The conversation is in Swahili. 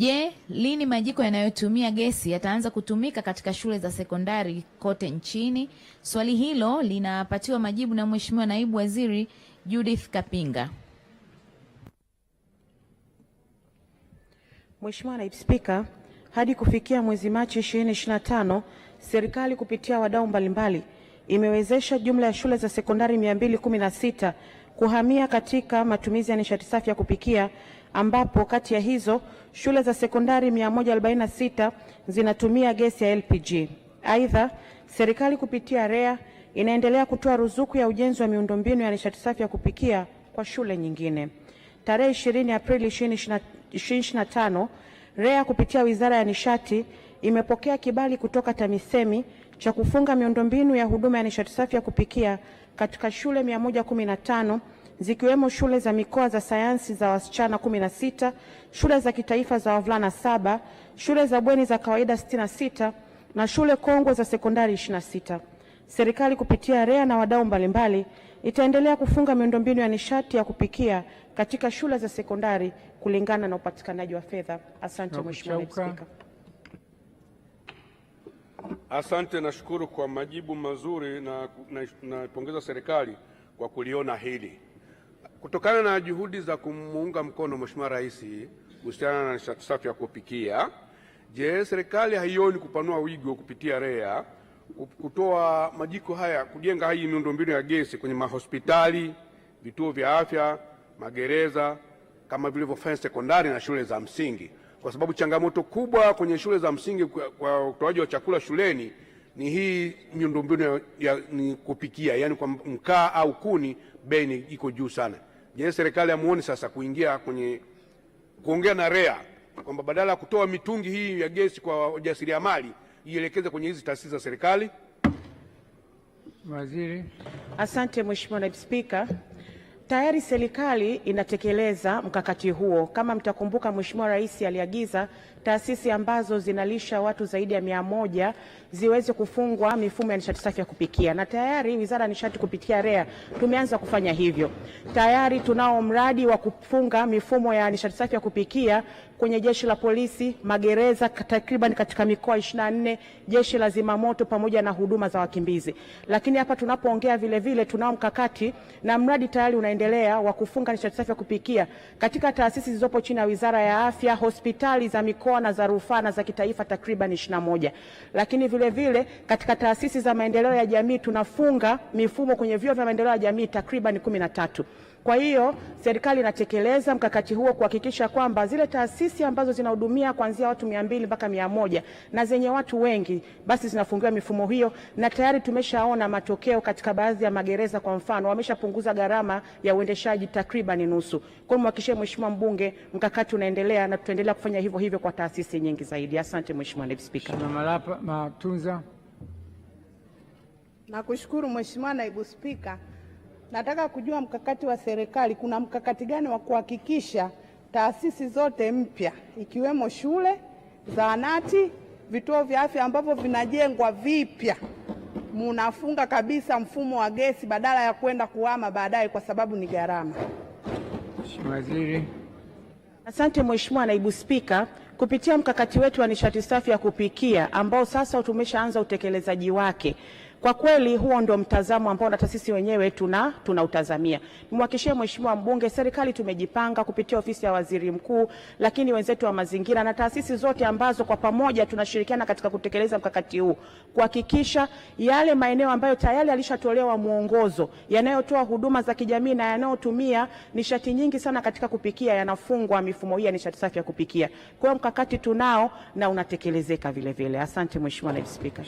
Je, lini majiko yanayotumia gesi yataanza kutumika katika shule za sekondari kote nchini? Swali hilo linapatiwa majibu na Mheshimiwa Naibu Waziri Judith Kapinga. Mheshimiwa Naibu Spika, hadi kufikia mwezi Machi 2025, serikali kupitia wadau mbalimbali imewezesha jumla ya shule za sekondari 216 kuhamia katika matumizi ya nishati safi ya kupikia ambapo kati ya hizo shule za sekondari 146 zinatumia gesi ya LPG. Aidha, serikali kupitia REA inaendelea kutoa ruzuku ya ujenzi wa miundombinu ya nishati safi ya kupikia kwa shule nyingine. Tarehe 20 Aprili 2025 REA kupitia Wizara ya Nishati imepokea kibali kutoka TAMISEMI cha kufunga miundombinu ya huduma ya nishati safi ya kupikia katika shule 115 zikiwemo shule za mikoa za sayansi za wasichana 16, shule za kitaifa za wavulana saba, shule za bweni za kawaida 66 na shule kongwe za sekondari 26. Serikali kupitia REA na wadau mbalimbali itaendelea kufunga miundombinu ya nishati ya kupikia katika shule za sekondari kulingana na upatikanaji wa fedha. Asante Mheshimiwa Naibu Spika. Asante, nashukuru kwa majibu mazuri na naipongeza na serikali kwa kuliona hili. Kutokana na juhudi za kumuunga mkono Mheshimiwa Rais kuhusiana na nishati safi ya kupikia, je, serikali haioni kupanua wigo kupitia REA kutoa majiko haya, kujenga hii miundombinu ya gesi kwenye mahospitali, vituo vya afya, magereza kama vilivyofanya sekondari na shule za msingi? kwa sababu changamoto kubwa kwenye shule za msingi kwa utoaji wa chakula shuleni ni hii miundombinu ya ni kupikia, yani kwa mkaa au kuni, bei iko juu sana. Je, serikali hamuoni sasa kuingia kwenye kuongea na REA kwamba badala ya kutoa mitungi hii ya gesi kwa wajasiriamali ielekeze kwenye hizi taasisi za serikali? Waziri. Asante Mheshimiwa Naibu Spika. Tayari serikali inatekeleza mkakati huo. Kama mtakumbuka, Mheshimiwa Rais aliagiza taasisi ambazo zinalisha watu zaidi ya mia moja ziweze kufungwa mifumo ya nishati safi ya kupikia, na tayari Wizara ya Nishati kupitia REA tumeanza kufanya hivyo. Tayari tunao mradi wa kufunga mifumo ya nishati safi ya kupikia kwenye jeshi la polisi, magereza takriban katika mikoa 24, jeshi la zimamoto pamoja na huduma za wakimbizi. Lakini hapa tunapoongea vile vile tunao mkakati na mradi tayari unaendelea wa kufunga nishati safi ya kupikia katika taasisi zilizopo chini ya Wizara ya Afya, hospitali za mikoa mikoa na za rufaa na za kitaifa takriban moja Lakini vile vile katika taasisi za maendeleo ya jamii tunafunga mifumo kwenye vyuo vya maendeleo ya jamii takriban tatu kwa hiyo serikali inatekeleza mkakati huo kuhakikisha kwamba zile taasisi ambazo zinahudumia kuanzia watu mia mbili mpaka mia moja na zenye watu wengi basi zinafungiwa mifumo hiyo, na tayari tumeshaona matokeo katika baadhi ya magereza. Kwa mfano, wameshapunguza gharama ya uendeshaji takriban nusu. Kwa hiyo mwakishie Mheshimiwa Mbunge, mkakati unaendelea na tutaendelea kufanya hivyo hivyo kwa taasisi nyingi zaidi. Asante Mheshimiwa Naibu Spika. Matunza. Nakushukuru Mheshimiwa Naibu Spika. Nataka kujua mkakati wa serikali, kuna mkakati gani wa kuhakikisha taasisi zote mpya ikiwemo shule, zahanati, vituo vya afya ambavyo vinajengwa vipya munafunga kabisa mfumo wa gesi badala ya kwenda kuhama baadaye kwa sababu ni gharama. Mheshimiwa Waziri. Asante Mheshimiwa Naibu Spika, kupitia mkakati wetu wa nishati safi ya kupikia ambao sasa tumeshaanza utekelezaji wake kwa kweli huo ndio mtazamo ambao hata sisi wenyewe tuna tunautazamia. Nimhakikishie Mheshimiwa Mbunge, serikali tumejipanga kupitia ofisi ya Waziri Mkuu, lakini wenzetu wa mazingira na taasisi zote ambazo kwa pamoja tunashirikiana katika kutekeleza mkakati huu kuhakikisha yale maeneo ambayo tayari alishatolewa mwongozo yanayotoa huduma za kijamii na yanayotumia nishati nyingi sana katika kupikia yanafungwa mifumo hii ya nishati safi ya kupikia. Kwa hiyo mkakati tunao na unatekelezeka vile vile. Asante Mheshimiwa Naibu Spika.